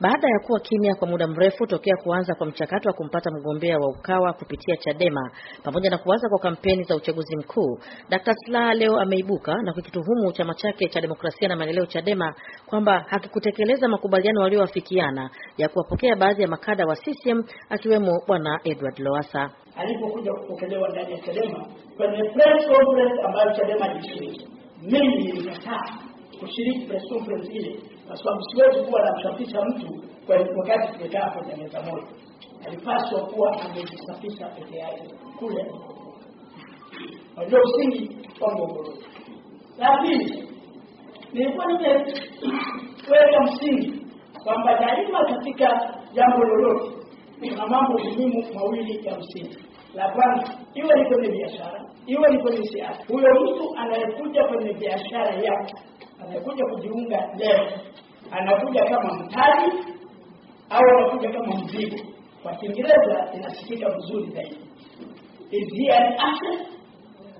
Baada ya kuwa kimya kwa muda mrefu tokea kuanza kwa mchakato wa kumpata mgombea wa Ukawa kupitia Chadema pamoja na kuanza kwa kampeni za uchaguzi mkuu, Dr. Slaa leo ameibuka na kukituhumu chama chake cha Demokrasia na Maendeleo Chadema kwamba hakikutekeleza makubaliano walioafikiana ya kuwapokea baadhi ya makada wa CCM akiwemo Bwana Edward Lowassa. Alipokuja kupokelewa ndani ya Chadema kwenye press conference ambayo Chadema ilishiriki, mimi nilikataa kushiriki press conference ile kwa sababu siwezi kuwa namsafisha mtu kwa wakati tumekaa kwenye meza moja. Alipaswa kuwa amejisafisha peke yake kule. Najua usingi wa mgogoro. La pili, nilikuwa nimeweka msingi kwamba daima katika jambo lolote kuna mambo muhimu mawili ya msingi. La kwanza, iwe ni kwenye biashara, iwe ni kwenye siasa, huyo mtu anayekuja kwenye biashara yake, anayekuja kujiunga leo anakuja kama mtaji au anakuja kama mzigo kwa kiingereza inasikika vizuri zaidi is he an asset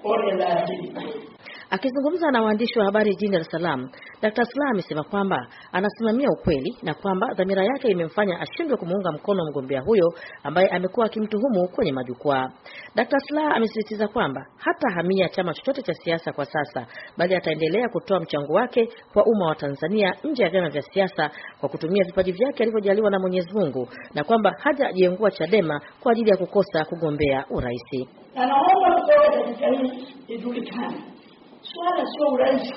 or a liability Akizungumza na waandishi wa habari jijini Dar es Salaam, Dr. Slaa amesema kwamba anasimamia ukweli na kwamba dhamira yake imemfanya ashindwe kumuunga mkono mgombea huyo ambaye amekuwa akimtuhumu kwenye majukwaa. Dr. Slaa amesisitiza kwamba hata hamia chama chochote cha siasa kwa sasa, bali ataendelea kutoa mchango wake kwa umma wa Tanzania nje ya vyama vya siasa kwa kutumia vipaji vyake alivyojaliwa na Mwenyezi Mungu, na kwamba hajajiengua Chadema kwa ajili ya kukosa kugombea urais. Anaomba kutoka katika hii ijulikane swala sio urahisi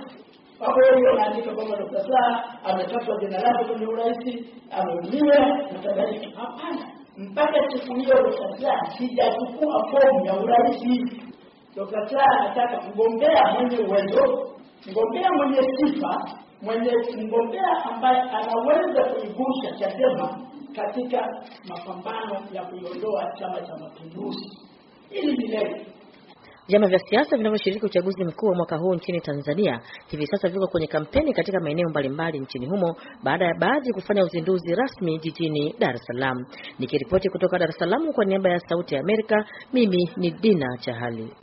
hapo hiyo anaandika kwamba Dr. Slaa ametafwa jina lake kwenye urahisi na mtabariki hapana mpaka siku hiyo Dr. sijachukua fomu ya urahisi Dr. anataka mgombea mwenye uwezo mgombea mwenye sifa mwenye mgombea ambaye anaweza kuigusha Chadema katika mapambano ya kuiondoa Chama cha Mapinduzi. ili ni Vyama vya siasa vinavyoshiriki uchaguzi mkuu wa mwaka huu nchini Tanzania hivi sasa viko kwenye kampeni katika maeneo mbalimbali nchini humo baada ya baadhi kufanya uzinduzi rasmi jijini Dar es Salaam. Nikiripoti kutoka Dar es Salaam kwa niaba ya Sauti ya Amerika, mimi ni Dina Chahali.